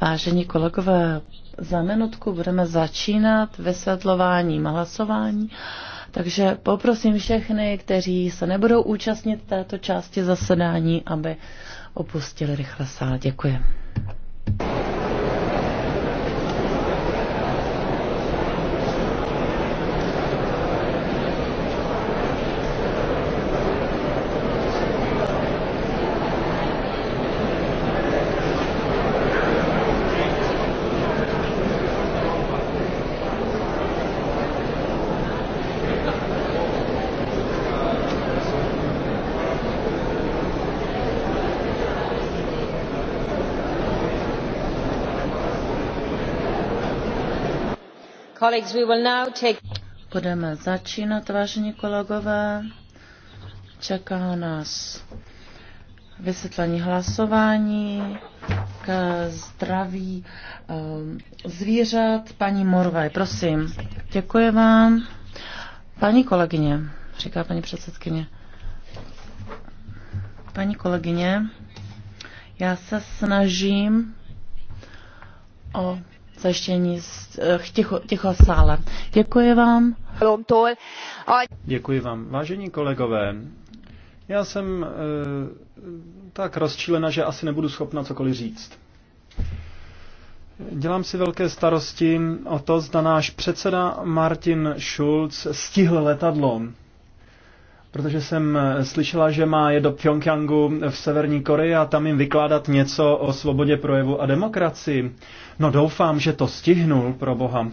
Vážení kolegové, za minutku budeme začínat vysvětlováním hlasování, takže poprosím všechny, kteří se nebudou účastnit této části zasedání, aby opustili rychle sál. Děkuji. Budeme začínat, vážení kolegové. Čeká nás vysvětlení hlasování k zdraví ehm, zvířat. Paní Morvaj, prosím. Děkuji vám. Paní kolegyně, říká paní předsedkyně. Paní kolegyně, já se snažím o zajištění těch, eh, ticho sále. Děkuji vám. Děkuji vám. Vážení kolegové, já jsem e, tak rozčílena, že asi nebudu schopna cokoliv říct. Dělám si velké starosti o to, zda náš předseda Martin Schulz stihl letadlo. Protože jsem eh, slyšela, že má je do Pyongyangu v Severní Koreji a tam jim vykládat něco o svobodě projevu a demokracii. No doufám, že to stihnul, pro boha.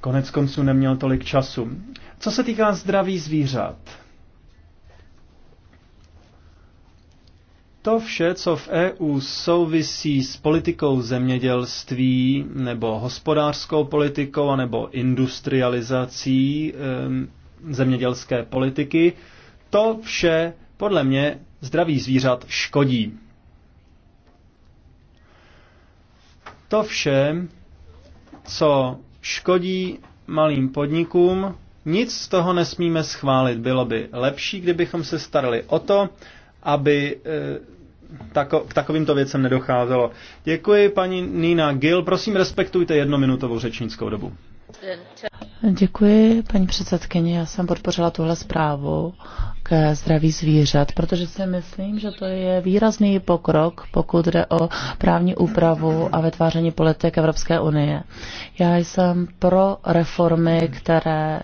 Konec konců neměl tolik času. Co se týká zdraví zvířat, To vše, co v EU souvisí s politikou zemědělství nebo hospodářskou politikou nebo industrializací, zemědělské politiky. To vše podle mě zdraví zvířat škodí. To vše, co škodí malým podnikům, nic z toho nesmíme schválit. Bylo by lepší, kdybychom se starali o to, aby eh, k takovýmto věcem nedocházelo. Děkuji paní Nina Gil. Prosím, respektujte jednominutovou řečnickou dobu. Děkuji, paní předsedkyně. Já jsem podpořila tuhle zprávu ke zdraví zvířat, protože si myslím, že to je výrazný pokrok, pokud jde o právní úpravu a vytváření politik Evropské unie. Já jsem pro reformy, které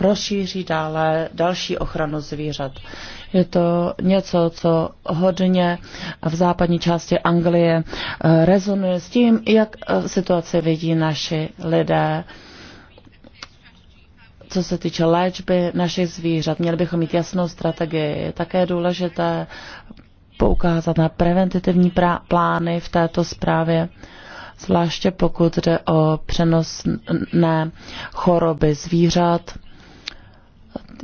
rozšíří dále další ochranu zvířat. Je to něco, co hodně v západní části Anglie eh, rezonuje s tím, jak eh, situaci vidí naši lidé co se týče léčby našich zvířat. Měli bychom mít jasnou strategii. Je také důležité poukázat na preventitivní plány v této zprávě, zvláště pokud jde o přenosné choroby zvířat.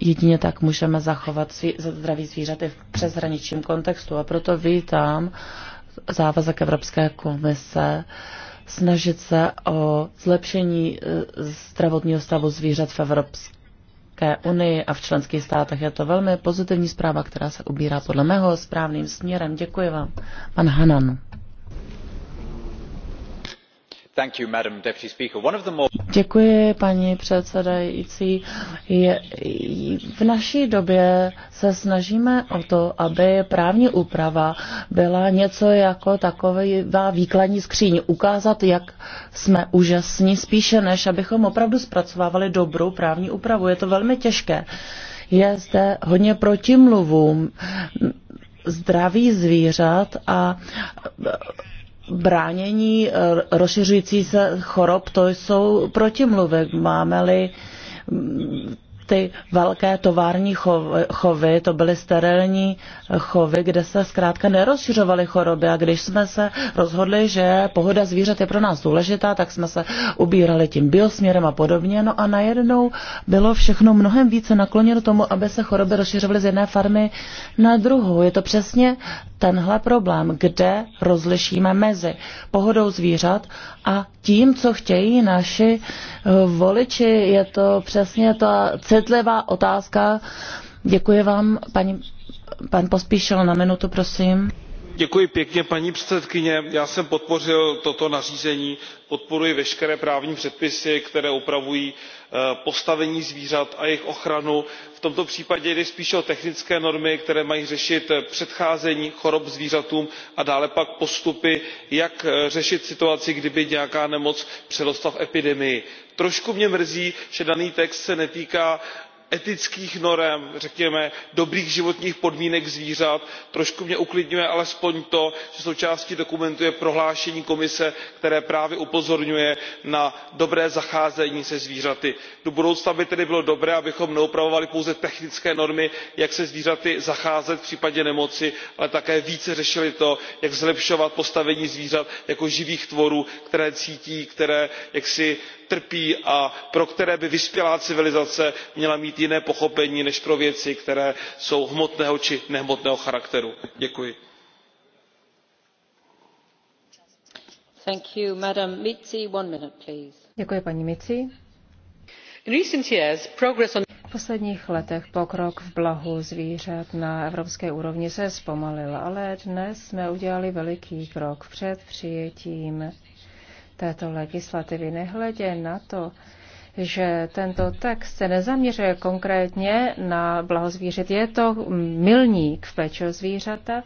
Jedině tak můžeme zachovat zdraví zvířat i v přeshraničním kontextu a proto vítám závazek Evropské komise snažit se o zlepšení e, zdravotního stavu zvířat v Evropské unii a v členských státech. Je to velmi pozitivní zpráva, která se ubírá podle mého správným směrem. Děkuji vám. Pan Hanan paní předsedající. v naší době se snažíme o to, aby právní úprava byla něco jako taková výkladní skříň, ukázat, jak jsme úžasní, spíše než abychom opravdu zpracovávali dobrou právní úpravu. Je to velmi těžké. Je zde hodně protimluvů, zdraví zvířat a bránění eh, rozšiřující se chorob, to jsou protimluvy. Máme-li mm, ty velké tovární chovy, to byly sterilní chovy, kde se zkrátka nerozšiřovaly choroby a když jsme se rozhodli, že pohoda zvířat je pro nás důležitá, tak jsme se ubírali tím biosměrem a podobně, no a najednou bylo všechno mnohem více nakloněno tomu, aby se choroby rozšiřovaly z jedné farmy na druhou. Je to přesně tenhle problém, kde rozlišíme mezi pohodou zvířat a tím, co chtějí naši eh, voliči. Je to přesně ta citlivá otázka. Děkuji vám, paní, pan Pospíšil, na minutu, prosím. Děkuji pěkně, paní předsedkyně. já jsem podpořil toto nařízení podporuji veškeré právní předpisy které upravují Eh, postavení zvířat a jejich ochranu v tomto případě jde spíše o technické normy které mají řešit eh, předcházení chorob zvířatům a dále pak postupy jak eh, řešit situaci kdyby nějaká nemoc přerostla v epidemii. trošku mě mrzí že daný text se netýká etických norem řekněme dobrých životních podmínek zvířat trošku mě uklidňuje alespoň to že součástí dokumentu je prohlášení komise které právě upozorňuje na dobré zacházení se zvířaty. do budoucna by tedy bylo dobré abychom neupravovali pouze technické normy jak se zvířaty zacházet v případě nemoci ale také více řešili to jak zlepšovat postavení zvířat jako živých tvorů které cítí které jaksi trpí a pro které by vyspělá civilizace měla mít jiné pochopení než pro věci které jsou hmotného či nehmotného charakteru. děkuji. V posledních letech pokrok v blahu zvířat na evropské úrovni se zpomalil, ale dnes jsme udělali veliký krok před přijetím této legislativy. Nehledě na to, že tento text se nezaměřuje konkrétně na blaho zvířat. Je to milník v péči o zvířata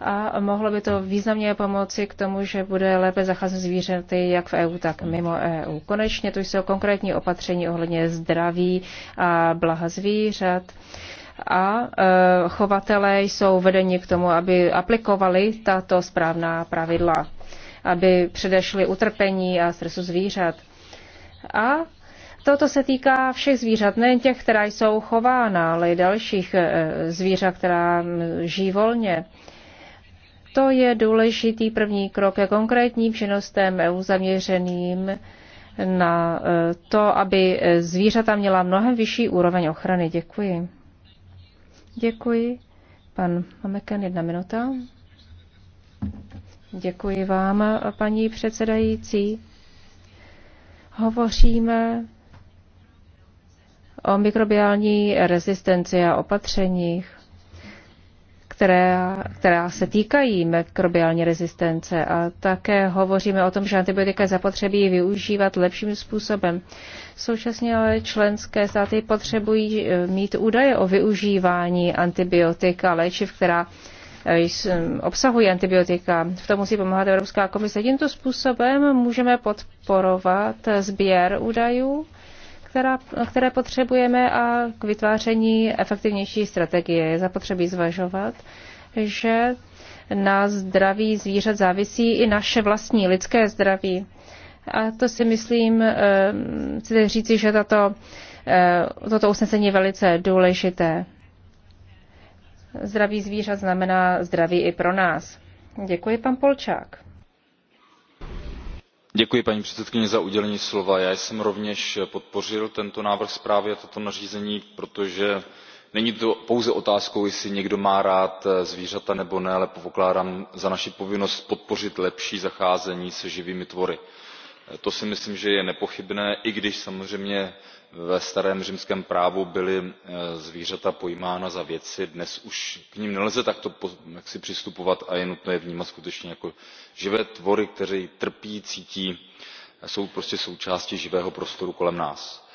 a mohlo by to významně pomoci k tomu, že bude lépe zacházet zvířaty jak v EU, tak mimo EU. Konečně tu jsou konkrétní opatření ohledně zdraví a blaha zvířat a e, chovatelé jsou vedeni k tomu, aby aplikovali tato správná pravidla aby předešli utrpení a stresu zvířat. A Toto se týká všech zvířat, nejen těch, která jsou chována, ale i dalších eh, zvířat, která mm, žijí volně. To je důležitý první krok ke konkrétním činnostem EU zaměřeným na eh, to, aby eh, zvířata měla mnohem vyšší úroveň ochrany. Děkuji. Děkuji. Pan Mameken, jedna minuta. Děkuji vám, paní předsedající. Hovoříme o mikrobiální rezistenci a opatřeních, která, která se týkají mikrobiální rezistence. A také hovoříme o tom, že antibiotika zapotřebí využívat lepším způsobem. Současně ale členské státy potřebují mít údaje o využívání antibiotika, léčiv, která obsahují antibiotika. V tom musí pomáhat Evropská komise. Tímto způsobem můžeme podporovat sběr údajů, která, které potřebujeme a k vytváření efektivnější strategie. Je zapotřebí zvažovat, že na zdraví zvířat závisí i naše vlastní lidské zdraví. A to si myslím, eh, chci říci, že tato, eh, toto usnesení je velice důležité. Zdraví zvířat znamená zdraví i pro nás. Děkuji, pan Polčák. Děkuji, paní slova. já jsem rovněž podpořil tento návrh zprávy a toto nařízení protože není to pouze otázkou jestli někdo má rád zvířata nebo ne ale pokládám za naši povinnost podpořit lepší zacházení se živými tvory to si myslím že je nepochybné i když samozřejmě ve starém římském právu byla eh, zvířata pojímána za věci dnes už k nim nelze takto přistupovat a je nutno je vnímat skutečně jako živé tvory které trpí cítí jsou prostě součástí živého prostoru kolem nás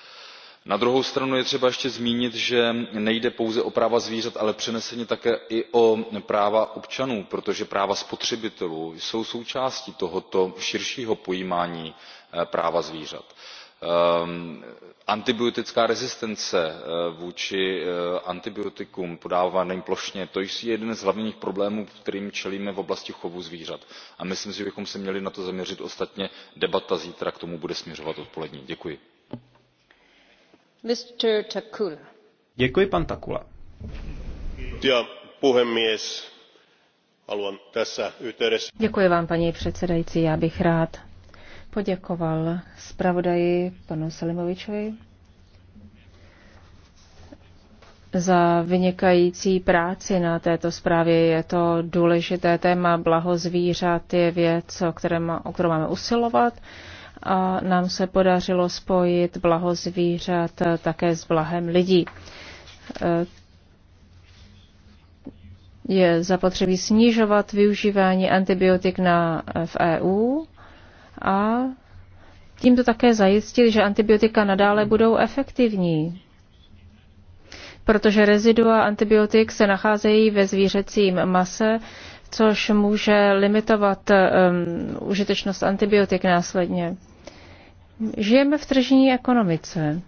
na druhou stranu je třeba ještě zmínit že nejde pouze o práva zvířat ale přeneseně také i o práva občanů protože práva spotřebitelů jsou součástí tohoto širšího pojímání eh, práva zvířat. Ehm, antibiotická rezistence eh, vůči eh, antibiotikům podávaným plošně to je jeden z hlavních problémů kterým čelíme v oblasti chovu zvířat a myslím si že bychom se měli na to zaměřit ostatně debata zítra k tomu bude směřovat odpolední. děkuji. Děkuji, puhemies Takula. Děkuji vám, Já bych rád poděkoval zpravodaji panu Selimovičovi za vynikající práci na této zprávě. Je to důležité téma, blaho zvířat je věc, o, o kterou máme usilovat a nám se podařilo spojit blaho zvířat eh, také s blahem lidí. Eh, je zapotřebí snižovat využívání antibiotik na, eh, v EU a tímto také zajistit, že antibiotika nadále budou efektivní protože rezidua antibiotik se nacházejí ve zvířecím mase, což může limitovat um, užitečnost antibiotik následně. Žijeme v tržní ekonomice.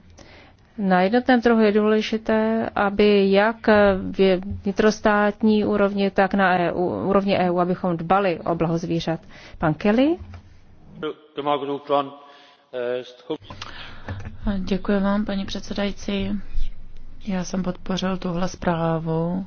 Na jednotném trhu je důležité, aby jak v vnitrostátní úrovni, tak na EU, úrovni EU, abychom dbali o blaho zvířat. Pan Kelly? Děkuji vám, paní předsedající. Já jsem podpořil tuhle zprávu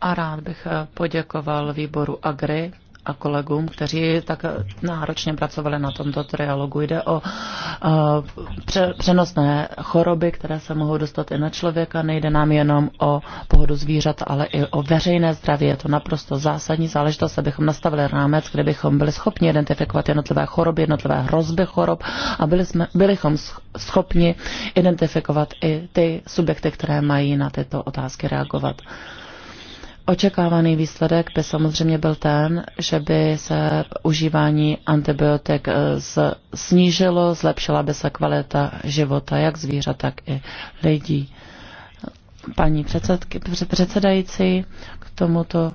a rád bych poděkoval výboru Agri a kolegům, kteří tak náročně pracovali na tomto trialogu. Jde o eh, přenosné choroby, které se mohou dostat i na člověka. Nejde nám jenom o pohodu zvířat, ale i o veřejné zdraví. Je to naprosto zásadní záležitost, abychom nastavili rámec, kde bychom byli schopni identifikovat jednotlivé choroby, jednotlivé hrozby chorob a byli, jsme, bychom schopni identifikovat i ty subjekty, které mají na tyto otázky reagovat. Očekávaný výsledek by samozřejmě byl ten, že by se užívání antibiotik eh, snížilo, zlepšila by se kvalita života jak zvířat, tak i lidí. Paní předsedající, k tomuto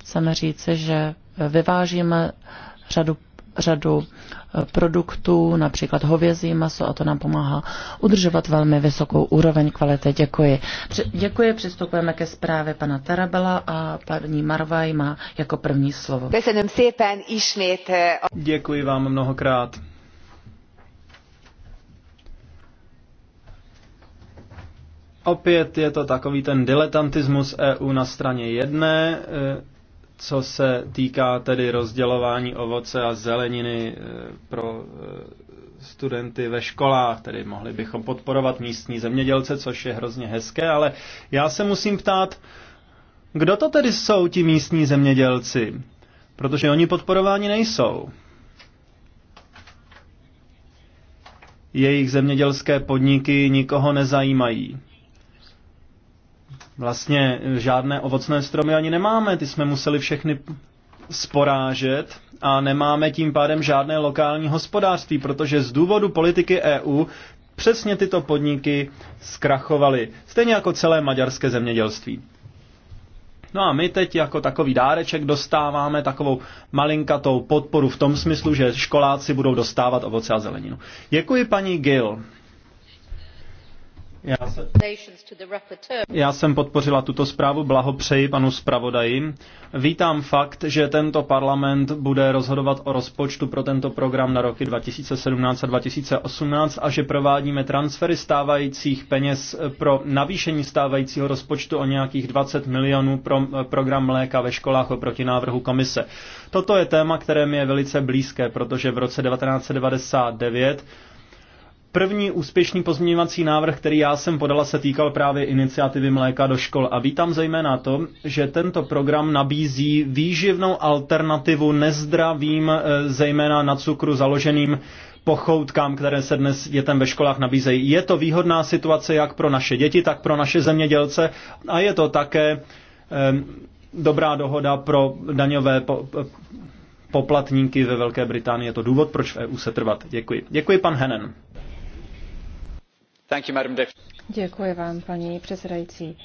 chceme říci, že vyvážíme řadu, řadu produktů, například hovězí maso a to nám pomáhá udržovat velmi vysokou úroveň kvality. Děkuji. Při, děkuji, přistupujeme ke zprávě pana Tarabela a paní Marvaj má jako první slovo. Eh, děkuji vám mnohokrát. Opět je to takový ten diletantismus EU na straně jedné, eh, co se týká tedy rozdělování ovoce a zeleniny eh, pro eh, studenty ve školách, tedy mohli bychom podporovat místní zemědělce, což je hrozně hezké, ale já se musím ptát, kdo to tedy jsou ti místní zemědělci? Protože oni podporováni nejsou. Jejich zemědělské podniky nikoho nezajímají. Vlastně žádné ovocné stromy ani nemáme, ty jsme museli všechny sporážet a nemáme tím pádem žádné lokální hospodářství, protože z důvodu politiky EU přesně tyto podniky zkrachovaly, stejně jako celé maďarské zemědělství. No a my teď jako takový dáreček dostáváme takovou malinkatou podporu v tom smyslu, že školáci budou dostávat ovoce a zeleninu. Děkuji paní Gill. Já, jsem podpořila tuto zprávu, blahopřeji panu zpravodaji. Vítám fakt, že tento parlament bude rozhodovat o rozpočtu pro tento program na roky 2017 a 2018 a že provádíme transfery stávajících peněz pro navýšení stávajícího rozpočtu o nějakých 20 milionů pro eh, program mléka ve školách oproti návrhu komise. Toto je téma, které mi je velice blízké, protože v roce 1999 První úspěšný pozměňovací návrh, který já jsem podala, se týkal právě iniciativy Mléka do škol a vítám zejména to, že tento program nabízí výživnou alternativu nezdravým, e, zejména na cukru založeným pochoutkám, které se dnes dětem ve školách nabízejí. Je to výhodná situace jak pro naše děti, tak pro naše zemědělce a je to také e, dobrá dohoda pro daňové e, poplatníky ve Velké Británii. Je to důvod, proč v EU se trvat. Děkuji. Děkuji, pan Henen. Děkuji vám, paní předsedající.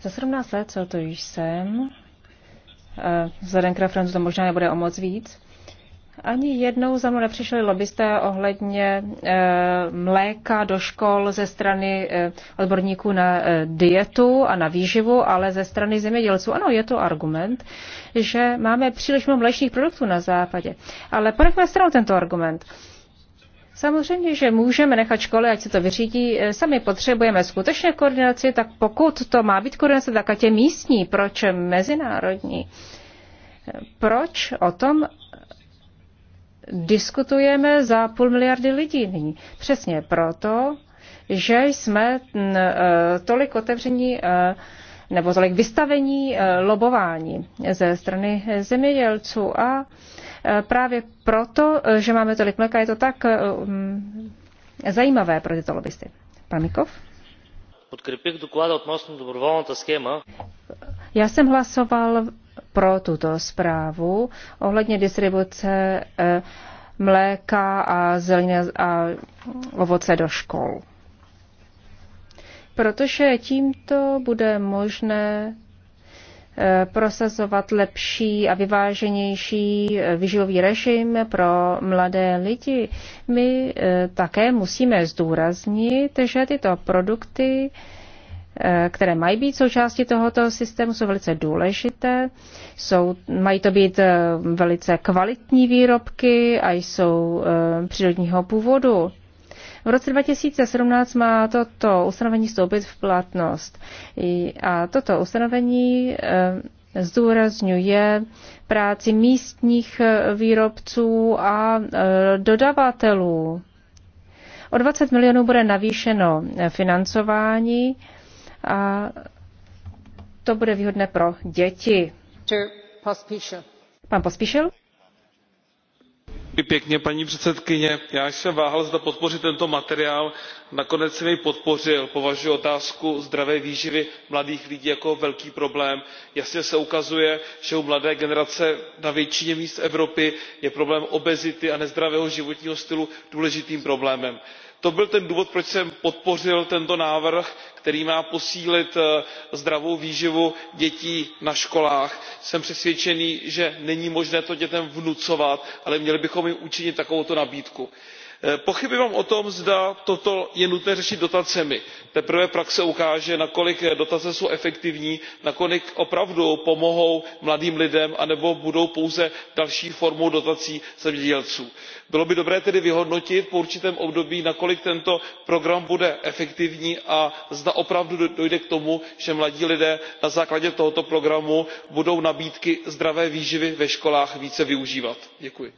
Za 17 let, co to již jsem, vzhledem k referendu to možná nebude o moc víc, ani jednou za mnou nepřišli lobbysté ohledně e, mléka do škol ze strany e, odborníků na e, dietu a na výživu, ale ze strany zemědělců. Ano, je to argument, že máme příliš mnoho mléčných produktů na západě. Ale ponechme stranou tento argument. Samozřejmě, že můžeme nechat školy, ať si to vyřídí. Eh, sami potřebujeme skutečně koordinaci, tak pokud to má být koordinace, tak ať je místní. Proč mezinárodní? Proč o tom diskutujeme za půl miliardy lidí nyní? Přesně proto, že jsme mm, eh, tolik otevření eh, nebo tolik vystavení lobování ze strany zemědělců a Právě proto, že máme tolik mléka, je to tak eh, um, zajímavé pro tyto lobbysty. Pan Mikov? подкрепих доклада относно доброволната схема. Já jsem hlasoval pro tuto zprávu ohledně distribuce eh, mléka a zeleniny a ovoce do škol. Protože tímto bude možné prosazovat lepší a vyváženější eh, vyživový režim pro mladé lidi. My eh, také musíme zdůraznit, že tyto produkty, eh, které mají být součástí tohoto systému, jsou velice důležité, jsou, mají to být velice kvalitní výrobky a jsou přírodního původu. V roce 2017 má toto ustanovení vstoupit v platnost. A toto ustanovení eh, zdůrazňuje práci místních eh, výrobců a eh, dodavatelů. O 20 milionů bude navýšeno financování a to bude výhodné pro děti. Pan Pospíšil? paní předsedající já jsem váhal zda podpořit tento materiál nakonec jsem jej podpořil. považuji otázku zdravé výživy mladých lidí za jako velký problém. jasně se ukazuje že u mladé generace na většině míst evropy je problém obezity a nezdravého životního stylu důležitým problémem to byl ten důvod proč jsem podpořil tento návrh který má posílit eh, zdravou výživu dětí na školách. jsem přesvědčený že není možné to dětem vnucovat ale měli bychom jim učinit takovouto nabídku. Eh, pochyby mám o tom zda toto je nutné řešit dotacemi teprve praxe ukáže nakolik dotace jsou efektivní nakolik opravdu pomohou mladým lidem anebo budou pouze další formou dotací zemědělcům. bylo by dobré tedy vyhodnotit po určitém období nakolik tento program bude efektivní a zda opravdu dojde k tomu že mladí lidé na základě tohoto programu budou nabídky zdravé výživy ve školách více využívat. děkuji.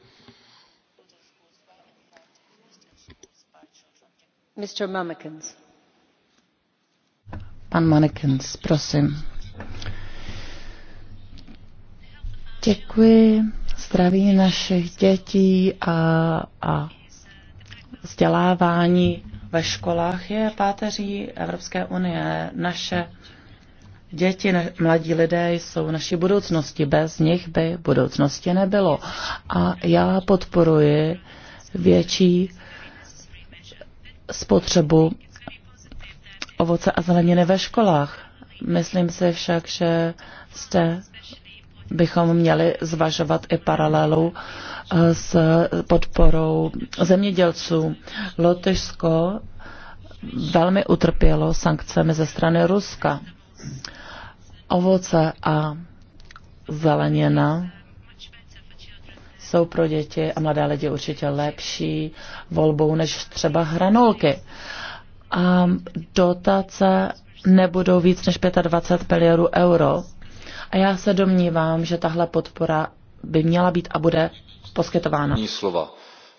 Pan Mamikins, prosím. Děkuji. Zdraví našich dětí a, a vzdělávání ve školách je páteří Evropské unie. Naše děti, na, mladí lidé jsou naší budoucnosti. Bez nich by budoucnosti nebylo. A já podporuji větší spotřebu ovoce a zeleniny ve školách. Myslím si však, že jste, bychom měli zvažovat i paralelu eh, s podporou zemědělců. Lotyšsko velmi utrpělo sankcemi ze strany Ruska. Ovoce a zelenina jsou pro děti a mladé lidi určitě lepší volbou než třeba hranolky. A dotace nebudou víc než 25 milionů euro. A já se domnívám, že tahle podpora by měla být a bude poskytována. Slova.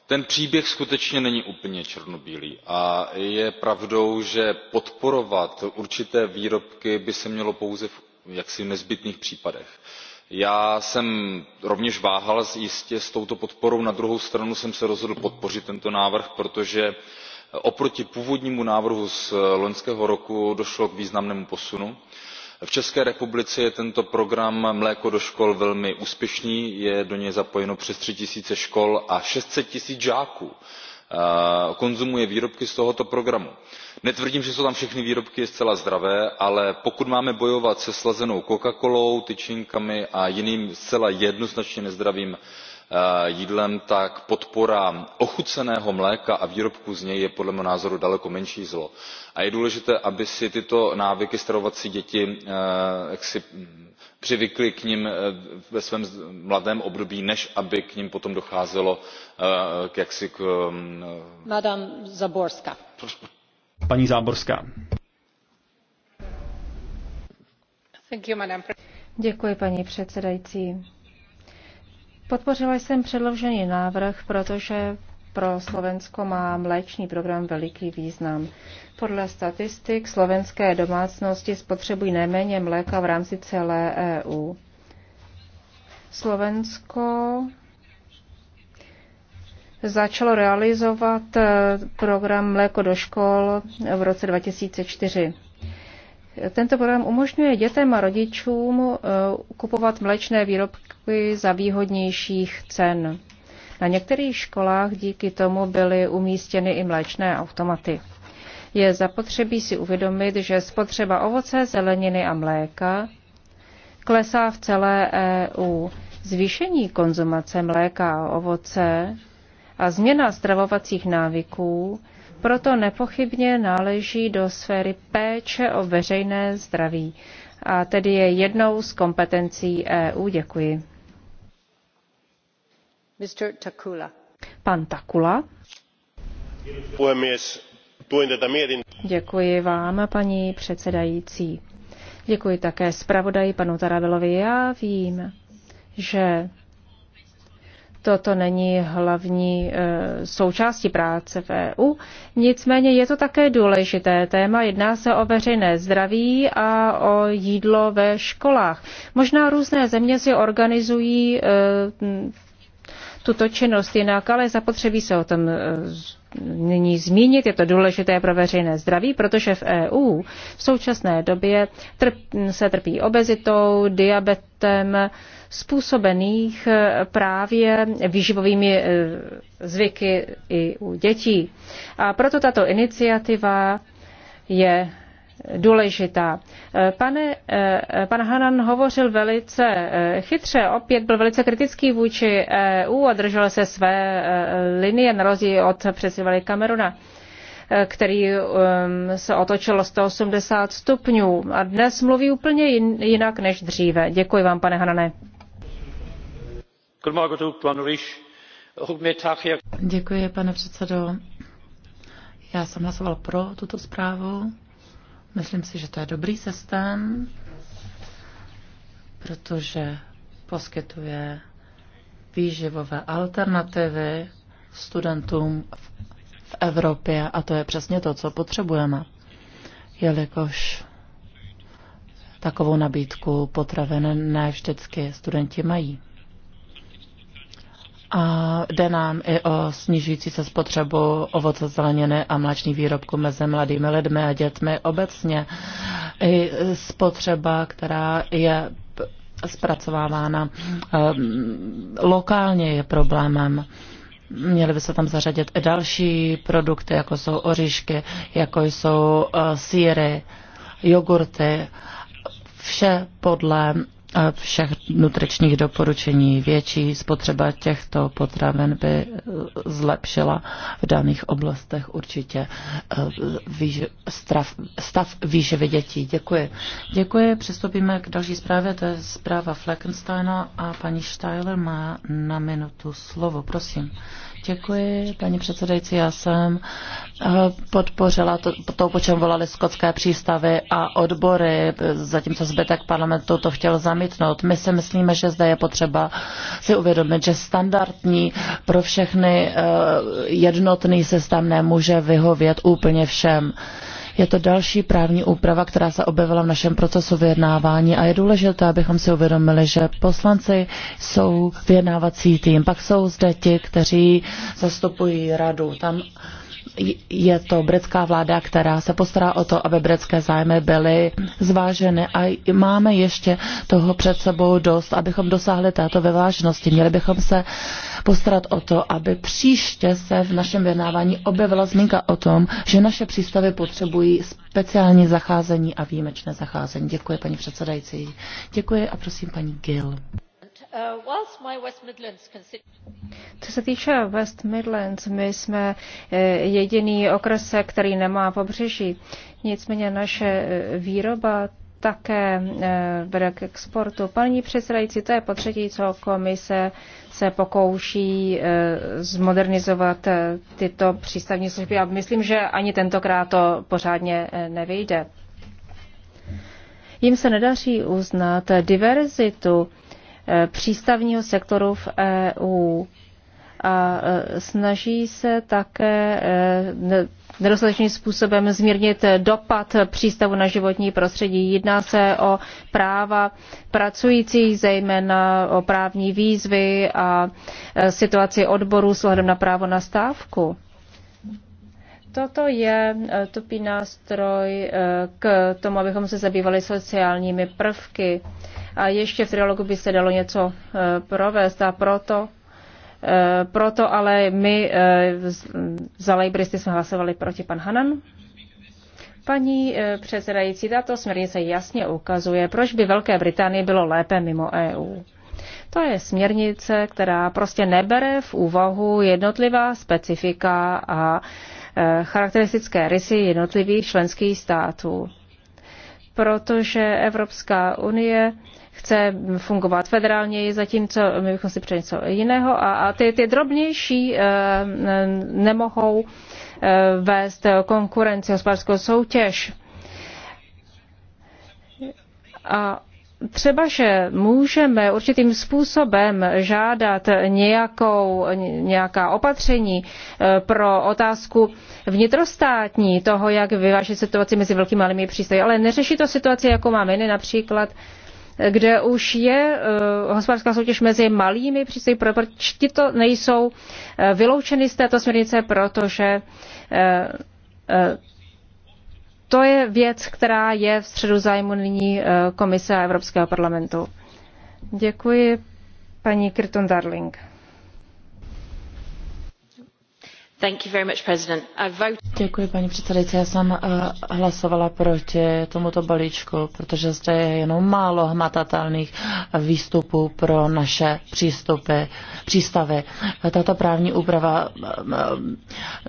Ten příběh skutečně není úplně černobílý a je pravdou, že podporovat určité výrobky by se mělo pouze v jaksi nezbytných případech já jsem rovněž váhal jistě s touto podporou na druhou stranu jsem se rozhodl podpořit tento návrh protože eh, oproti původnímu návrhu z eh, loňského roku došlo k významnému posunu. v české republice je tento program mléko do škol velmi úspěšný je do něj zapojeno přes three tisíce škol a six hundred zero žáků konzumuje výrobky z tohoto programu. netvrdím že jsou tam všechny výrobky zcela zdravé ale pokud máme bojovat se slazenou coca colou tyčinkami a jiným zcela jednoznačně nezdravým e, jídlem tak podpora ochuceného mléka a výrobků z něj je podle mého názoru daleko menší zlo a je důležité aby si tyto návyky stravovací děti e, přivykli k nim eh, ve svém mladém období než aby k nim potom docházelo eh, jaksi k mm, eh, paní záborská. Děkuji, paní předsedající podpořila jsem předložený návrh protože pro Slovensko má mléčný program veliký význam. Podle statistik slovenské domácnosti spotřebují nejméně mléka v rámci celé EU. Slovensko začalo realizovat e, program Mléko do škol v roce 2004. Tento program umožňuje dětem a rodičům e, kupovat mléčné výrobky za výhodnějších cen. Na některých školách díky tomu byly umístěny i mléčné automaty. Je zapotřebí si uvědomit, že spotřeba ovoce, zeleniny a mléka klesá v celé EU. Zvýšení konzumace mléka a ovoce a změna stravovacích návyků proto nepochybně náleží do sféry péče o veřejné zdraví a tedy je jednou z kompetencí EU. Děkuji. Pan Takula. Děkuji vám, paní předsedající. Děkuji také zpravodaji panu tarabellovi. Já vím, že toto není hlavní eh, součástí práce v EU. Nicméně je to také důležité téma. Jedná se o veřejné zdraví a o jídlo ve školách. Možná různé země si organizují eh, tuto činnost jinak, ale zapotřebí se o tom eh, nyní zmínit. Je to důležité pro veřejné zdraví, protože v EU v současné době trp, se trpí obezitou, diabetem, způsobených eh, právě výživovými eh, zvyky i u dětí. A proto tato iniciativa je důležitá. Pane, eh, pan Hanan hovořil velice eh, chytře, opět byl velice kritický vůči EU a držel se své eh, linie na rozdíl od předsedy Kameruna který se otočil 180 stupňů a dnes mluví úplně jinak než dříve. Děkuji vám, pane Hanane. Děkuji, pane předsedo. Já jsem hlasoval pro tuto zprávu. Myslím si, že to je dobrý systém, protože poskytuje výživové alternativy studentům v Evropě a to je přesně to, co potřebujeme, jelikož takovou nabídku potravin ne vždycky studenti mají. A jde nám i o snižující se spotřebu ovoce zeleniny a mláční výrobků mezi mladými lidmi a dětmi obecně. I spotřeba, která je zpracovávána ehm, lokálně, je problémem. Měly by se tam zařadit i další produkty, jako jsou oříšky, jako jsou eh, síry, jogurty, vše podle všech nutričních doporučení. Větší spotřeba těchto potravin by eh, zlepšila v daných oblastech určitě eh, stav, stav výživy dětí. Děkuji. Děkuji. Přistoupíme k další zprávě. To je zpráva Fleckensteina a paní Steiler má na minutu slovo. Prosím. Děkuji, paní předsedající. Já jsem eh, podpořila to, to, po čem volali skotské přístavy a odbory, zatímco zbytek parlamentu to chtěl zamítnout. My si myslíme, že zde je potřeba si uvědomit, že standardní pro všechny eh, jednotný systém nemůže vyhovět úplně všem. Je to další právní úprava, která se objevila v našem procesu vyjednávání a je důležité, abychom si uvědomili, že poslanci jsou vyjednávací tým. Pak jsou zde ti, kteří zastupují radu. Tam je to britská vláda, která se postará o to, aby britské zájmy byly zváženy a máme ještě toho před sebou dost, abychom dosáhli této vyváženosti. Měli bychom se postarat o to, aby příště se v našem vyjednávání objevila zmínka o tom, že naše přístavy potřebují speciální zacházení a výjimečné zacházení. Děkuji, paní předsedající. Děkuji a prosím paní Gill. Uh, co se týče West Midlands, my jsme eh, jediný okres, který nemá pobřeží. Nicméně naše eh, výroba také eh, vede k exportu. Paní předsedající, to je po třetí, co komise se pokouší zmodernizovat tyto přístavní služby a myslím, že ani tentokrát to pořádně nevyjde. Jim se nedaří uznat diverzitu Eh, přístavního sektoru v EU a eh, snaží se také eh, nedostatečným způsobem zmírnit dopad přístavu na životní prostředí. Jedná se o práva pracujících, zejména o právní výzvy a situaci odborů s ohledem na právo na stávku. Toto je eh, tupý nástroj eh, k tomu, abychom se zabývali sociálními prvky. A ještě v trialogu by se dalo něco eh, provést a proto, proto ale my za Lejbristy jsme hlasovali proti pan Hanan. Paní předsedající, tato směrnice jasně ukazuje, proč by Velké Británii bylo lépe mimo EU. To je směrnice, která prostě nebere v úvahu jednotlivá specifika a Eh, charakteristické rysy jednotlivých členských států. Protože Evropská unie chce fungovat federálně, zatímco my bychom si přijeli něco jiného a, a ty, ty drobnější eh, nemohou eh, vést konkurenci hospodářskou soutěž. A třeba, že můžeme určitým způsobem žádat nějakou, nějaká opatření eh, pro otázku vnitrostátní toho, jak vyvážit situaci mezi velkými a malými přístavy, ale neřeší to situaci, jako máme například kde už je uh, hospodářská soutěž mezi malými přístavy, proč tyto nejsou uh, vyloučeny z této směrnice, protože uh, uh, to je věc, která je v středu zájmu nyní eh, Komise a Evropského parlamentu. Děkuji, paní Kirton Darling. Děkuji, paní předsedající. Já jsem eh, hlasovala proti tomuto balíčku, protože zde je jenom málo hmatatelných výstupů pro naše přístupy, přístavy. Tato právní úprava eh,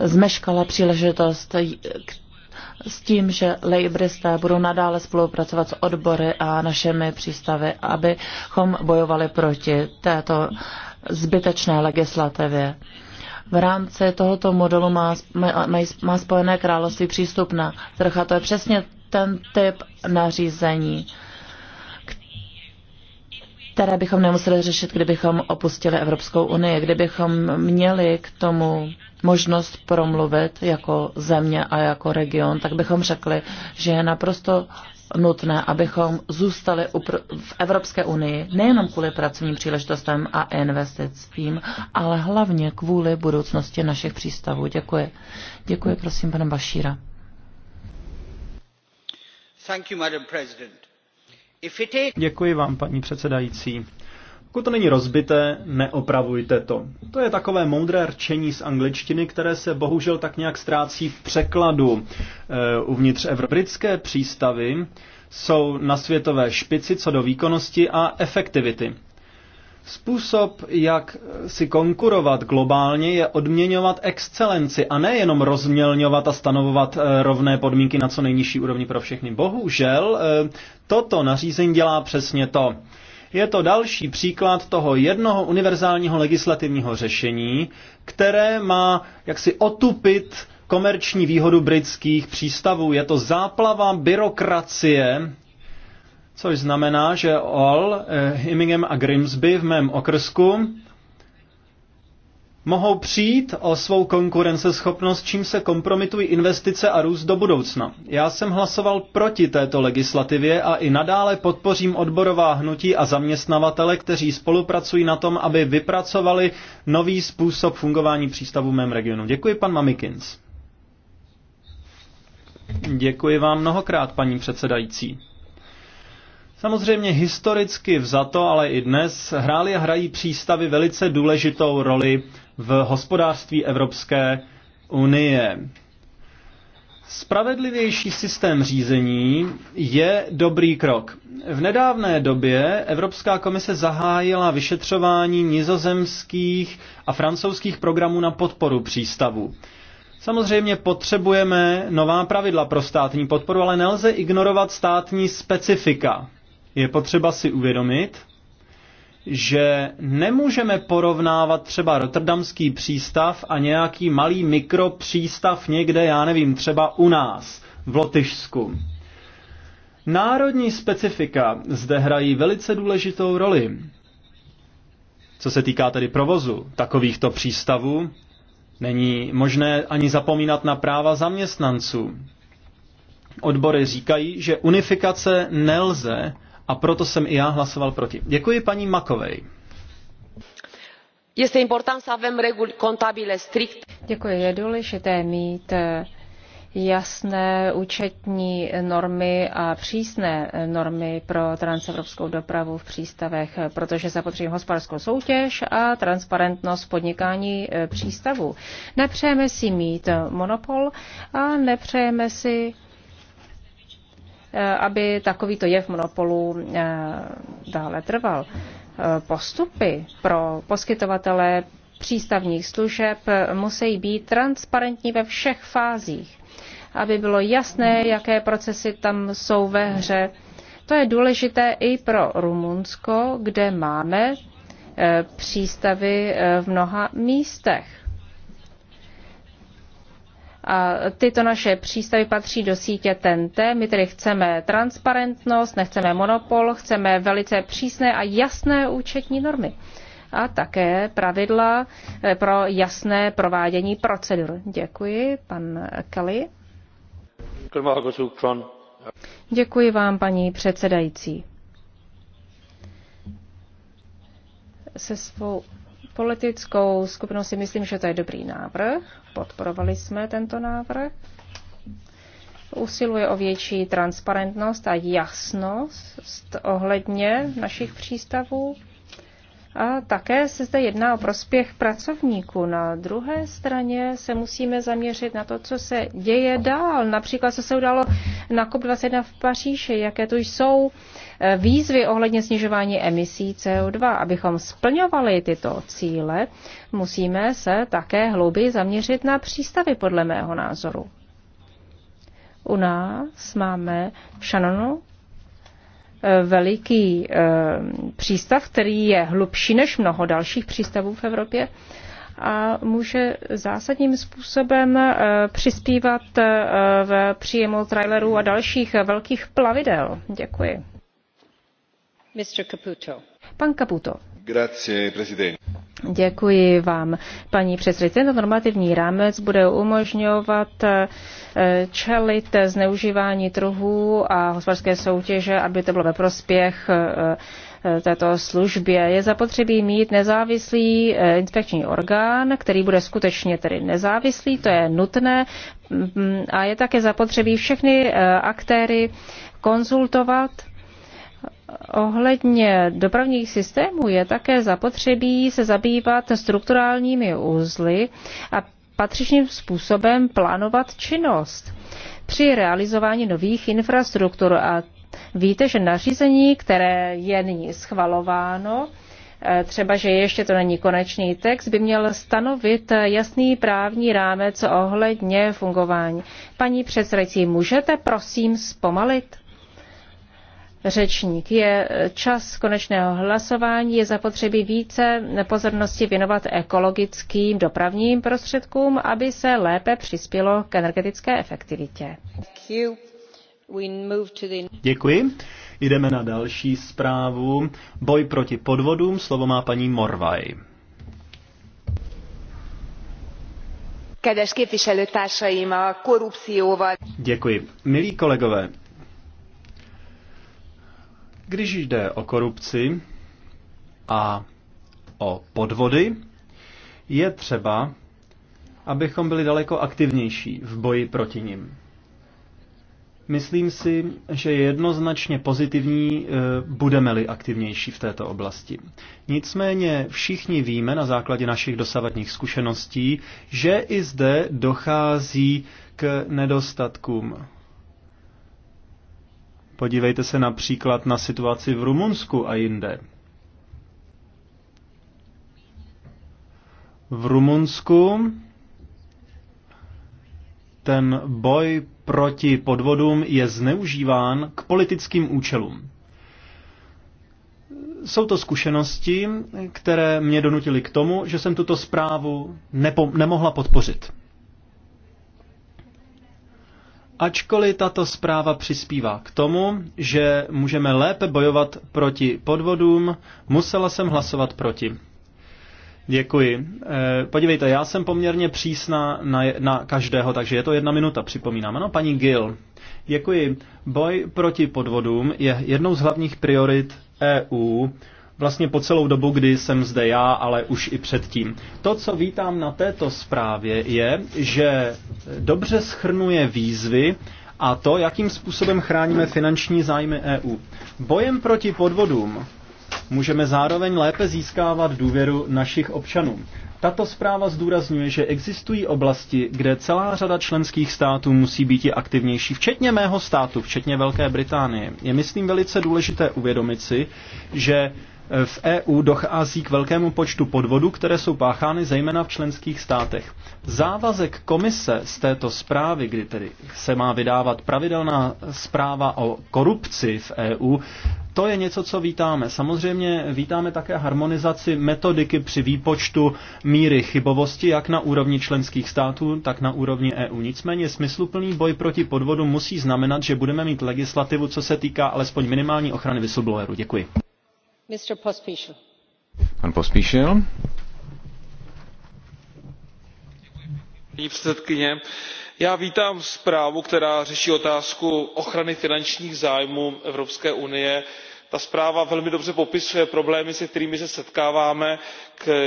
zmeškala příležitost, s tím, že lejbristé budou nadále spolupracovat s odbory a našimi přístavy, abychom bojovali proti této zbytečné legislativě. V rámci tohoto modelu má, má, má Spojené království přístup na trh a to je přesně ten typ nařízení které bychom nemuseli řešit, kdybychom opustili Evropskou unii, kdybychom měli k tomu možnost promluvit jako země a jako region, tak bychom řekli, že je naprosto nutné, abychom zůstali v Evropské unii nejenom kvůli pracovním příležitostem a investicím, ale hlavně kvůli budoucnosti našich přístavů. Děkuji. Děkuji, prosím, pane Bašíra. Thank you, Madam President. Děkuji vám, paní předsedající. Pokud to není rozbité, neopravujte to. To je takové moudré rčení z angličtiny, které se bohužel tak nějak ztrácí v překladu e, uvnitř evropské přístavy jsou na světové špici co do výkonnosti a efektivity. Způsob, jak si konkurovat globálně, je odměňovat excelenci a nejenom rozmělňovat a stanovovat eh, rovné podmínky na co nejnižší úrovni pro všechny. Bohužel eh, toto nařízení dělá přesně to. Je to další příklad toho jednoho univerzálního legislativního řešení, které má jaksi otupit komerční výhodu britských přístavů. Je to záplava byrokracie, což znamená, že Ol, eh, Himmingham a Grimsby v mém okrsku mohou přijít o svou konkurenceschopnost, čím se kompromitují investice a růst do budoucna. Já jsem hlasoval proti této legislativě a i nadále podpořím odborová hnutí a zaměstnavatele, kteří spolupracují na tom, aby vypracovali nový způsob fungování přístavu v mém regionu. Děkuji, pan Mamikins. Děkuji vám mnohokrát, paní předsedající. Samozřejmě historicky vzato, ale i dnes hrály a hrají přístavy velice důležitou roli v hospodářství Evropské unie. Spravedlivější systém řízení je dobrý krok. V nedávné době Evropská komise zahájila vyšetřování nizozemských a francouzských programů na podporu přístavů. Samozřejmě potřebujeme nová pravidla pro státní podporu, ale nelze ignorovat státní specifika je potřeba si uvědomit, že nemůžeme porovnávat třeba Rotterdamský přístav a nějaký malý mikropřístav někde, já nevím, třeba u nás, v Lotyšsku. Národní specifika zde hrají velice důležitou roli. Co se týká tedy provozu takovýchto přístavů, není možné ani zapomínat na práva zaměstnanců. Odbory říkají, že unifikace nelze a proto jsem i já hlasoval proti. Děkuji paní Makovej. Este important să avem reguli contabile strict. Děkuji, je důležité mít eh, jasné účetní normy a přísné eh, normy pro transevropskou dopravu v přístavech, eh, protože zapotřebí hospodářskou soutěž a transparentnost podnikání přístavů. Nepřejeme si mít monopol a nepřejeme si Eh, aby takovýto jev monopolu eh, dále trval. Eh, postupy pro poskytovatele přístavních služeb musí být transparentní ve všech fázích, aby bylo jasné, jaké procesy tam jsou ve hře. To je důležité i pro Rumunsko, kde máme přístavy v mnoha místech. A tyto naše přístavy patří do sítě TNT. My tedy chceme transparentnost, nechceme monopol, chceme velice přísné a jasné účetní normy a také pravidla eh, pro jasné provádění procedur. Děkuji, pan Kelly. Děkuji vám, paní předsedající. Se svou politickou skupinou si myslím, že to je dobrý návrh. Podporovali jsme tento návrh. Usiluje o větší transparentnost a jasnost ohledně našich přístavů. A také se zde jedná o prospěch pracovníků. Na druhé straně se musíme zaměřit na to, co se děje dál. Například, co se udalo na COP21 v Paříži, jaké tu jsou uh, výzvy ohledně snižování emisí CO2. Abychom splňovali tyto cíle, musíme se také hlouběji zaměřit na přístavy, podle mého názoru. U nás máme v Shannonu eh, veliký eh, přístav, který je hlubší než mnoho dalších přístavů v Evropě a může zásadním způsobem eh, přispívat v příjemu trailerů a dalších velkých plavidel. Děkuji. Děkuji vám, paní předsedající. Tento normativní rámec bude umožňovat eh, čelit zneužívání trhů a hospodářské soutěže, aby to bylo ve prospěch eh, eh, této službě. Je zapotřebí mít nezávislý inspekční orgán, který bude skutečně tedy nezávislý, to je nutné mm, a je také zapotřebí všechny aktéry konzultovat Ohledně dopravních systémů je také zapotřebí se zabývat strukturálními úzly a patřičným způsobem plánovat činnost při realizování nových infrastruktur. A víte, že nařízení, které je nyní schvalováno, eh, třeba, že ještě to není konečný text, by měl stanovit jasný právní rámec ohledně fungování. Paní předsedající, můžete prosím zpomalit? řečník. Je eh, čas konečného hlasování, je zapotřebí více pozornosti věnovat ekologickým dopravním prostředkům, aby se lépe přispělo k energetické efektivitě. Děkuji. Jdeme na další zprávu. Boj proti podvodům, slovo má paní Morvaj. a Děkuji. Milí kolegové, když jde o korupci a o podvody, je třeba, abychom byli daleko aktivnější v boji proti nim. Myslím si, že jednoznačně pozitivní e, budeme-li aktivnější v této oblasti. Nicméně všichni víme na základě našich dosavadních zkušeností, že i zde dochází k nedostatkům. Podívejte se například na situaci v Rumunsku a jinde. V Rumunsku ten boj proti podvodům je zneužíván k politickým účelům. Jsou to zkušenosti, které mě donutily k tomu, že jsem tuto zprávu nepo- nemohla podpořit. Ačkoliv tato zpráva přispívá k tomu, že můžeme lépe bojovat proti podvodům, musela jsem hlasovat proti. Děkuji. Eh, podívejte, já jsem poměrně přísná na, na každého, takže je to jedna minuta, připomínám. Ano, paní Gil. Děkuji. Boj proti podvodům je jednou z hlavních priorit EU vlastně po celou dobu, kdy jsem zde já, ale už i předtím. To, co vítám na této zprávě, je, že dobře schrnuje výzvy a to, jakým způsobem chráníme finanční zájmy EU. Bojem proti podvodům můžeme zároveň lépe získávat důvěru našich občanů. Tato zpráva zdůrazňuje, že existují oblasti, kde celá řada členských států musí být i aktivnější, včetně mého státu, včetně Velké Británie. Je myslím velice důležité uvědomit si, že v EU dochází k velkému počtu podvodů, které jsou páchány zejména v členských státech. Závazek komise z této zprávy, kdy tedy se má vydávat pravidelná zpráva o korupci v EU, to je něco, co vítáme. Samozřejmě vítáme také harmonizaci metodiky při výpočtu míry chybovosti jak na úrovni členských států, tak na úrovni EU. Nicméně smysluplný boj proti podvodu musí znamenat, že budeme mít legislativu, co se týká alespoň minimální ochrany whistleblowerů. Děkuji paní předsedající já vítám zprávu která řeší otázku ochrany finančních zájmů evropské unie. ta zpráva velmi dobře popisuje problémy se kterými se setkáváme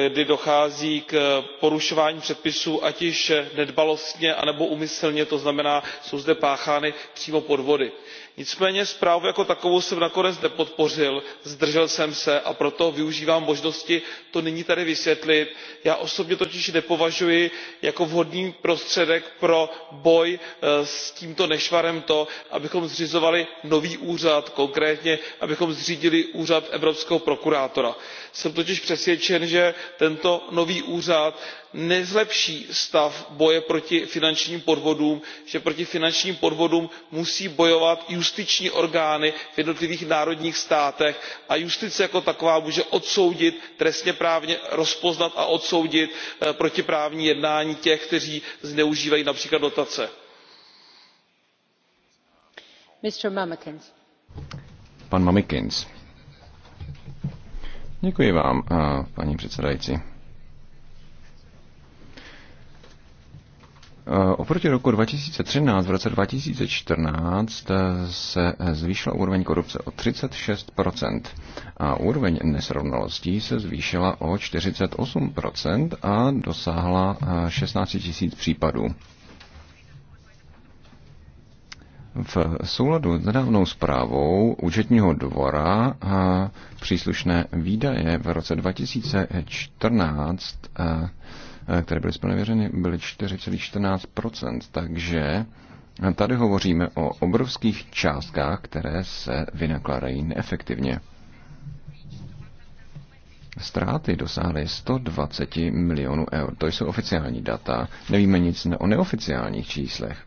kdy dochází k porušování předpisů ať již nedbalostně anebo úmyslně to znamená jsou zde páchány přímo podvody nicméně zprávu jako takovou jsem nakonec nepodpořil zdržel jsem se a proto využívám možnosti to nyní tady vysvětlit. já osobně totiž nepovažuji jako vhodný prostředek pro boj eh, s tímto nešvarem to abychom zřizovali nový úřad konkrétně abychom zřídili úřad evropského prokurátora. jsem totiž přesvědčen že tento nový úřad nezlepší stav boje proti finančním podvodům že proti finančním podvodům musí bojovat justiční orgány v jednotlivých národních státech a justice jako taková může odsoudit trestněprávně rozpoznat a odsoudit eh, protiprávní jednání těch kteří zneužívají například dotace. Pan Děkuji vám, eh, paní předsedající. Oproti roku 2013, v roce 2014 eh, se eh, zvýšila úroveň korupce o 36% a úroveň nesrovnalostí se zvýšila o 48% a dosáhla 16 eh, 000 případů. V souladu s nedávnou zprávou účetního dvora a příslušné výdaje v roce 2014 Eh, které byly věřeny, byly 4,14%, takže tady hovoříme o obrovských částkách, které se vynakládají neefektivně. Ztráty dosáhly 120 milionů eur. To jsou oficiální data. Nevíme nic o neoficiálních číslech.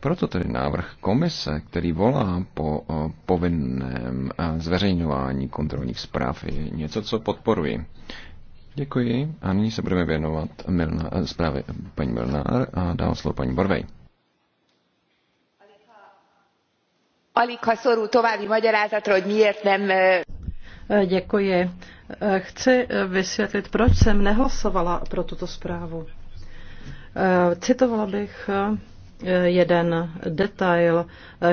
Proto tedy návrh komise, který volá po eh, povinném eh, zveřejňování kontrolních zpráv, je něco, co podporuji. Děkuji a nyní se budeme věnovat Milna, eh, zprávě paní Milnár a dám slovo paní Borvej. Eh, eh, děkuji. Chci vysvětlit, proč jsem nehlasovala pro tuto zprávu. Citovala bych jeden detail,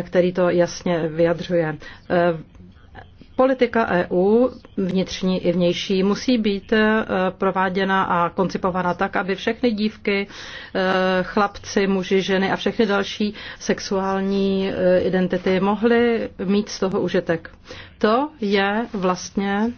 který to jasně vyjadřuje. Politika EU, vnitřní i vnější, musí být eh, prováděna a koncipována tak, aby všechny dívky, eh, chlapci, muži, ženy a všechny další sexuální eh, identity mohly mít z toho užitek. To je vlastně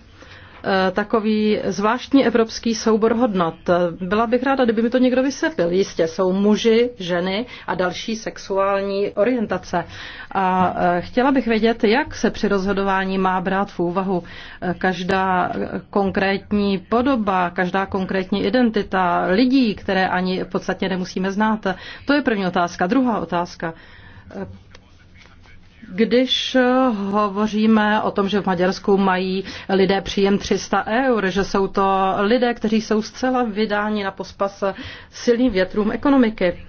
Eh, takový zvláštní evropský soubor hodnot. Byla bych ráda, kdyby mi to někdo vysvětlil. Jistě jsou muži, ženy a další sexuální orientace. A eh, chtěla bych vědět, jak se při rozhodování má brát v úvahu eh, každá konkrétní podoba, každá konkrétní identita lidí, které ani v podstatě nemusíme znát. To je první otázka. Druhá otázka když hovoříme o tom, že v Maďarsku mají lidé příjem 300 eur, že jsou to lidé, kteří jsou zcela vydáni na pospas silným větrům ekonomiky.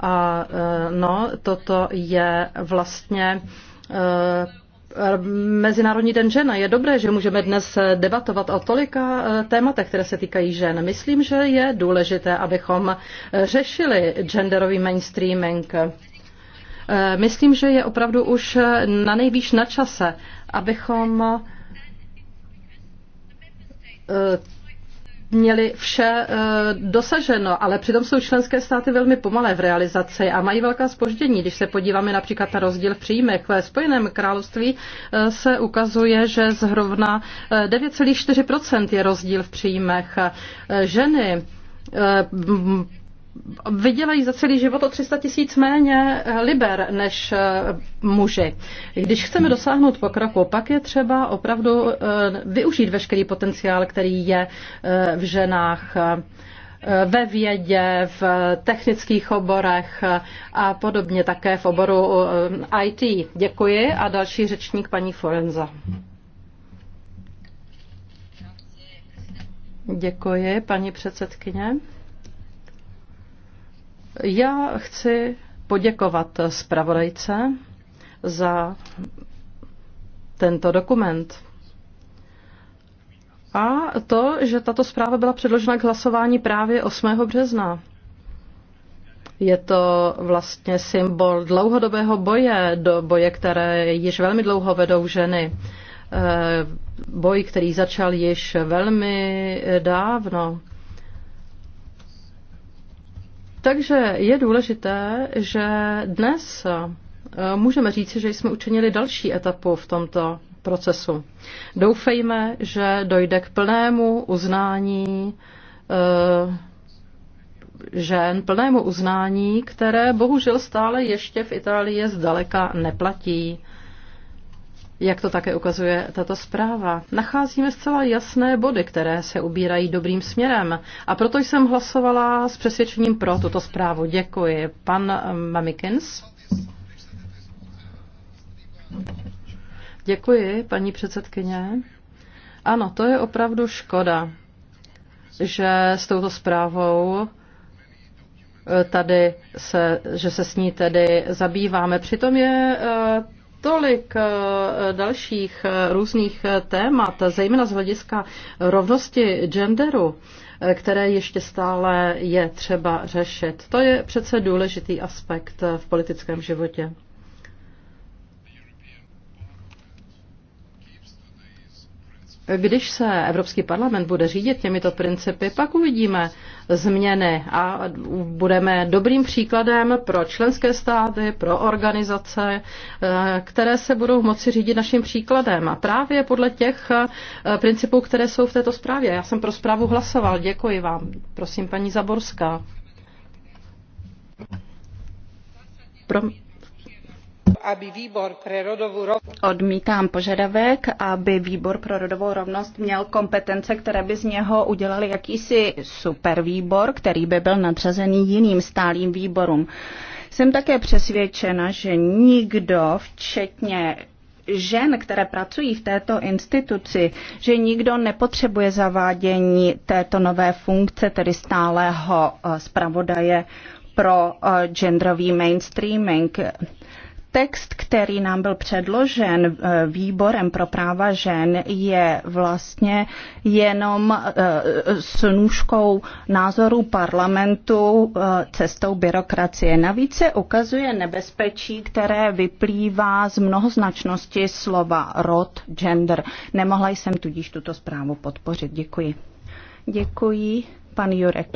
A e, no, toto je vlastně e, Mezinárodní den žen. Je dobré, že můžeme dnes debatovat o tolika e, tématech, které se týkají žen. Myslím, že je důležité, abychom řešili genderový mainstreaming Eh, myslím, že je opravdu už eh, na nejvýš na čase, abychom eh, měli vše dosaženo, ale přitom jsou členské státy velmi pomalé v realizaci a mají velká spoždění. Když se podíváme například na rozdíl v příjmech ve Spojeném království, se ukazuje, že zhrovna 9,4% je rozdíl v příjmech. Ženy vydělají za celý život o 300 tisíc méně eh, liber než eh, muži. Když chceme dosáhnout pokroku, pak je třeba opravdu eh, využít veškerý potenciál, který je v ženách ve vědě, v technických oborech a podobně také v oboru IT. Děkuji a další řečník paní Forenza. Děkuji, paní předsedkyně. Já chci poděkovat zpravodajce za tento dokument. A to, že tato zpráva byla předložena k hlasování právě 8. března. Je to vlastně symbol dlouhodobého boje, do boje, které již velmi dlouho vedou ženy. Eh, boj, který začal již velmi dávno. Takže je důležité, že dnes eh, můžeme říci, že jsme učinili další etapu v tomto procesu. Doufejme, že dojde k plnému uznání eh, žen, plnému uznání, které bohužel stále ještě v Itálii zdaleka neplatí jak to také ukazuje tato zpráva. Nacházíme zcela jasné body, které se ubírají dobrým směrem. A proto jsem hlasovala s přesvědčením pro tuto zprávu. Děkuji. Pan eh, Mamikins. Děkuji, paní předsedkyně. Ano, to je opravdu škoda, že s touto zprávou eh, tady se, že se s ní tedy zabýváme. Přitom je eh, tolik eh, dalších eh, různých eh, témat, zejména z hlediska rovnosti genderu, které ještě stále je třeba řešit. To je přece důležitý aspekt v politickém životě. Když se Evropský parlament bude řídit těmito principy, pak uvidíme změny a budeme dobrým příkladem pro členské státy, pro organizace, eh, které se budou moci řídit naším příkladem. A právě podle těch eh, principů, které jsou v této zprávě. Já jsem pro zprávu hlasoval. Děkuji vám. Prosím, paní Zaborská. Pro aby výbor Odmítám požadavek, aby výbor pro rodovou rovnost měl kompetence, které by z něho udělali jakýsi supervýbor, který by byl nadřazený jiným stálým výborům. Jsem také přesvědčena, že nikdo, včetně žen, které pracují v této instituci, že nikdo nepotřebuje zavádění této nové funkce, tedy stálého eh, zpravodaje pro eh, genderový mainstreaming text, který nám byl předložen eh, výborem pro práva žen, je vlastně jenom eh, snůžkou názoru parlamentu eh, cestou byrokracie. Navíc se ukazuje nebezpečí, které vyplývá z mnohoznačnosti slova rod, gender. Nemohla jsem tudíž tuto zprávu podpořit. Děkuji. Děkuji, pan Jurek.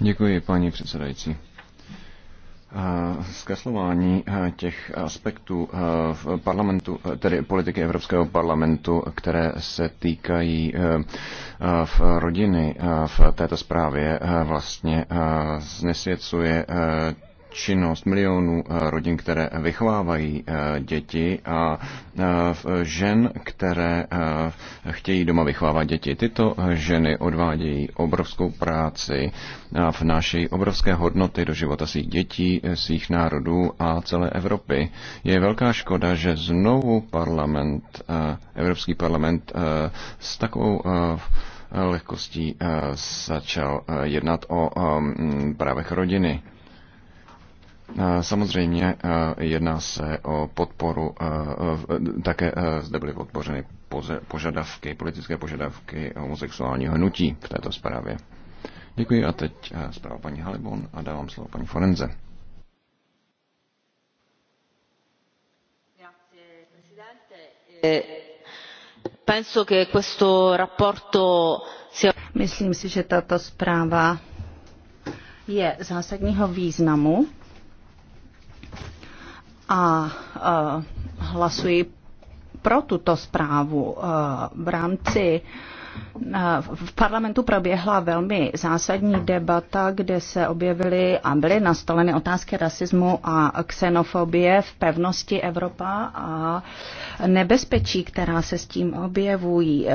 Děkuji, paní předsedající. Eh, zkreslování eh, těch aspektů eh, v parlamentu, tedy politiky Evropského parlamentu, které se týkají v rodiny v této zprávě vlastně znesvěcuje činnost milionů eh, rodin, které vychovávají eh, děti a eh, žen, které chtějí doma vychovávat děti. Tyto ženy odvádějí obrovskou práci, a vnášejí obrovské hodnoty do života svých dětí, svých národů a celé Evropy. Je velká škoda, že znovu parlament, Evropský parlament s takovou lehkostí začal jednat o právech rodiny. Eh, samozřejmě eh, jedná se o podporu, eh, také zde byly podpořeny požadavky, politické požadavky homosexuálního hnutí v této zprávě. Děkuji a teď zpráva paní Halibon a dávám slovo paní Forenze. Myslím si, že tato zpráva je zásadního významu a eh, hlasuji pro tuto zprávu eh, v rámci eh, v parlamentu proběhla velmi zásadní debata, kde se objevily a byly nastoleny otázky rasismu a xenofobie v pevnosti Evropa a nebezpečí, která se s tím objevují.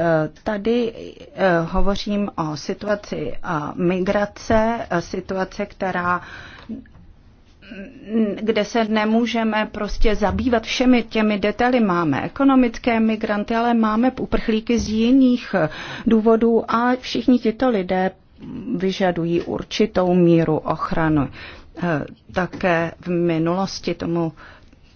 Tady hovořím o situaci migrace, situace, která kde se nemůžeme prostě zabývat všemi těmi detaily. Máme ekonomické migranty, ale máme uprchlíky z jiných důvodů a všichni tyto lidé vyžadují určitou míru ochranu. Eh, také v minulosti tomu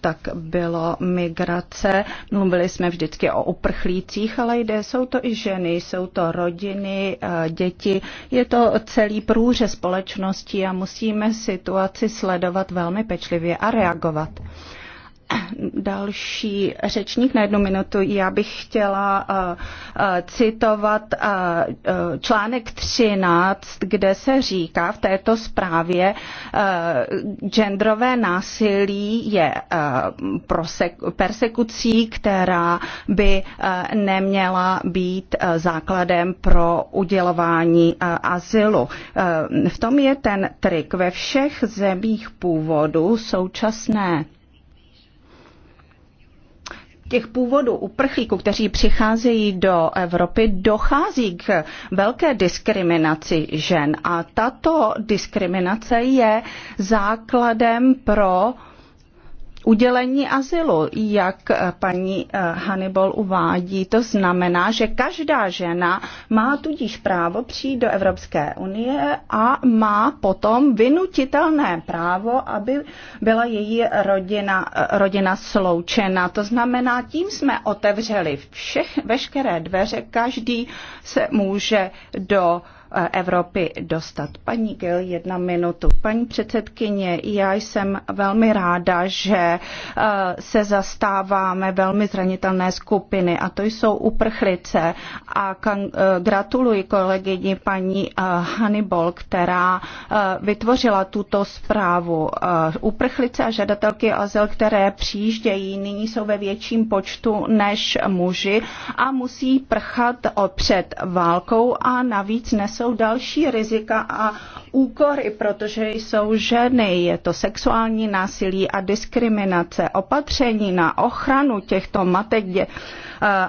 tak bylo migrace. Mluvili jsme vždycky o uprchlících, ale jde, jsou to i ženy, jsou to rodiny, eh, děti. Je to celý průře společnosti a musíme situaci sledovat velmi pečlivě a reagovat další řečník na jednu minutu. Já bych chtěla eh, eh, citovat eh, článek 13, kde se říká v této zprávě, genderové násilí je persekucí, která by neměla být základem pro udělování azylu. V tom je ten trik. Ve všech zemích původu současné těch původů uprchlíků, kteří přicházejí do Evropy, dochází k velké diskriminaci žen. A tato diskriminace je základem pro udělení azylu, jak eh, paní eh, Hannibal uvádí. To znamená, že každá žena má tudíž právo přijít do Evropské unie a má potom vynutitelné právo, aby byla její rodina, eh, rodina sloučena. To znamená, tím jsme otevřeli všech, veškeré dveře, každý se může do uh, Evropy dostat. Paní Gil, jedna minutu. Paní předsedkyně, já jsem velmi ráda, že eh, se zastáváme velmi zranitelné skupiny a to jsou uprchlice a eh, gratuluji kolegyni paní eh, Hannibal, která vytvořila tuto zprávu. Uprchlice a žadatelky azyl, které přijíždějí, nyní jsou ve větším počtu než muži a musí prchat před válkou a navíc nesou jsou další rizika a úkory, protože jsou ženy. Je to sexuální násilí a diskriminace. Opatření na ochranu těchto matek eh,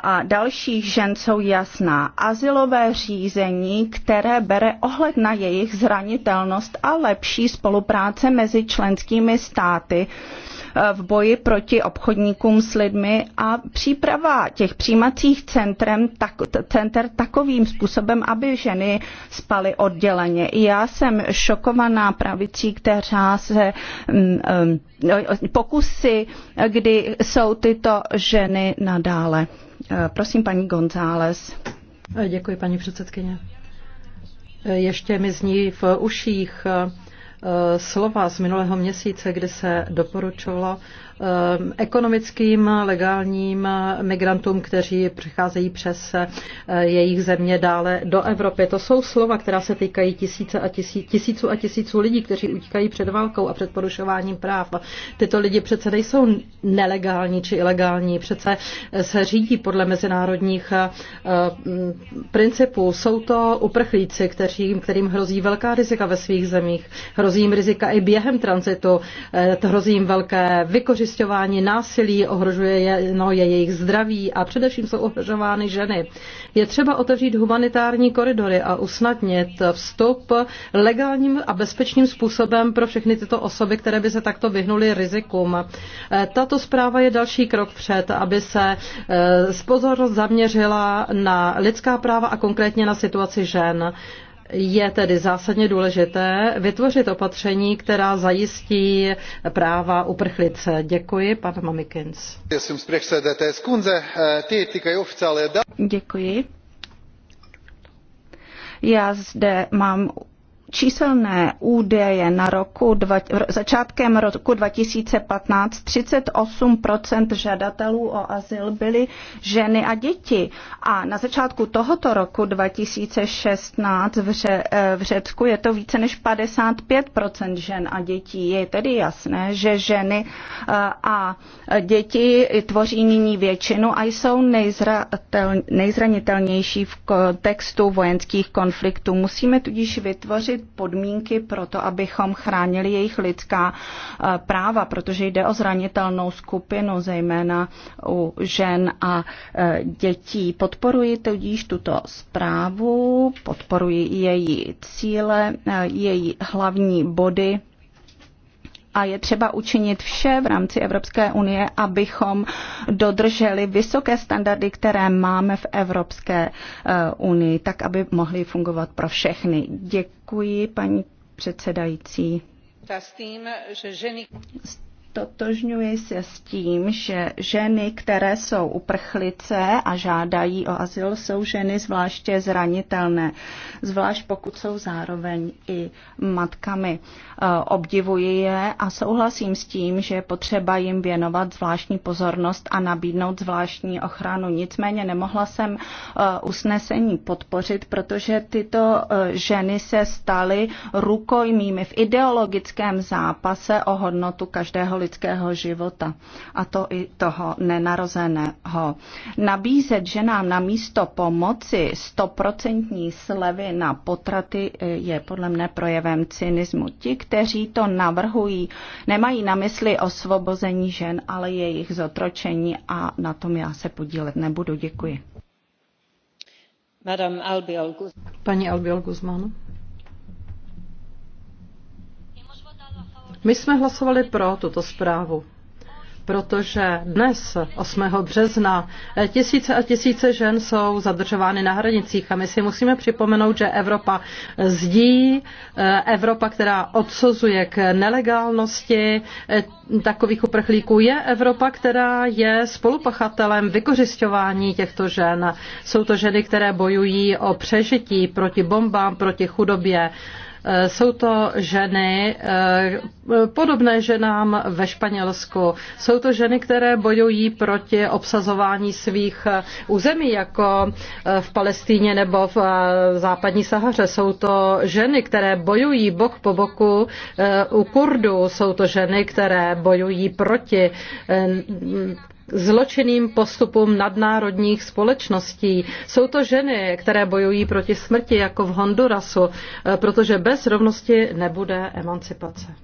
a dalších žen jsou jasná. Azylové řízení, které bere ohled na jejich zranitelnost a lepší spolupráce mezi členskými státy, v boji proti obchodníkům s lidmi a příprava těch přijímacích centrem, tak, center takovým způsobem, aby ženy spaly odděleně. Já jsem šokovaná pravicí, která se um, um, pokusy, kdy jsou tyto ženy nadále. Prosím, paní González. Děkuji, paní předsedkyně. Ještě mi zní v uších Eh, slova z minulého měsíce, kdy se doporučovalo Um, ekonomickým legálním migrantům, kteří přicházejí přes uh, jejich země dále do Evropy. To jsou slova, která se týkají tisíce a tisí, tisíců a tisíců lidí, kteří utíkají před válkou a před porušováním práv. Tyto lidi přece nejsou nelegální či ilegální, přece se řídí podle mezinárodních uh, principů. Jsou to uprchlíci, kteří, kterým hrozí velká rizika ve svých zemích. Hrozí jim rizika i během tranzitu, eh, hrozí jim velké vykořistování vykořišťováni násilí, ohrožuje je, no, je jejich zdraví a především jsou ohrožovány ženy. Je třeba otevřít humanitární koridory a usnadnit vstup legálním a bezpečným způsobem pro všechny tyto osoby, které by se takto vyhnuly rizikům. E, tato zpráva je další krok před, aby se e, pozornost zaměřila na lidská práva a konkrétně na situaci žen. Je tedy zásadně důležité vytvořit opatření, která zajistí práva uprchlice. Děkuji, pan Mamikins. Děkuji. Já zde mám číselné údaje na roku dva, začátkem roku 2015 38 žadatelů o azyl byly ženy a děti. A na začátku tohoto roku 2016 v, Ře, eh, v Řecku je to více než 55 žen a dětí. Je tedy jasné, že ženy eh, a děti tvoří nyní většinu a jsou nejzranitelnější v kontextu vojenských konfliktů. Musíme tudíž vytvořit vytvořit podmínky pro to, abychom chránili jejich lidská eh, práva, protože jde o zranitelnou skupinu, zejména u žen a eh, dětí. Podporuji tudíž tuto zprávu, podporuji její cíle, eh, její hlavní body a je třeba učinit vše v rámci Evropské unie, abychom dodrželi vysoké standardy, které máme v Evropské eh, unii, tak aby mohly fungovat pro všechny. Děkuji, paní předsedající. S stotožňuji se s tím, že ženy, které jsou uprchlice a žádají o azyl, jsou ženy zvláště zranitelné, zvlášť pokud jsou zároveň i matkami. Eh, obdivuji je a souhlasím s tím, že je potřeba jim věnovat zvláštní pozornost a nabídnout zvláštní ochranu. Nicméně nemohla jsem eh, usnesení podpořit, protože tyto eh, ženy se staly rukojmými v ideologickém zápase o hodnotu každého lidského lidského života, a to i toho nenarozeného. Nabízet ženám na místo pomoci stoprocentní slevy na potraty eh, je podle mne projevem cynismu. Ti, kteří to navrhují, nemají na mysli osvobození žen, ale jejich zotročení a na tom já se podílet nebudu. Děkuji. Paní Albiol Guzman. My jsme hlasovali pro tuto zprávu, protože dnes, 8. března, eh, tisíce a tisíce žen jsou zadržovány na hranicích a my si musíme připomenout, že Evropa zdí, eh, Evropa, která odsuzuje k nelegálnosti eh, takových uprchlíků, je Evropa, která je spolupachatelem vykořišťování těchto žen. Jsou to ženy, které bojují o přežití proti bombám, proti chudobě Eh, jsou to ženy eh, podobné ženám ve Španělsku. Jsou to ženy, které bojují proti obsazování svých eh, území, jako v Palestíně nebo v západní Sahaře. Jsou to ženy, které bojují bok po boku u Kurdů. Jsou to ženy, které bojují proti zločinným postupům nadnárodních společností. Jsou to ženy, které bojují proti smrti, jako v Hondurasu, eh, protože bez rovnosti nebude emancipace.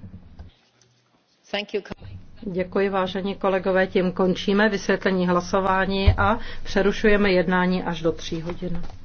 Děkuji, vážení kolegové. Tím končíme vysvětlení hlasování a přerušujeme jednání až do tří hodin.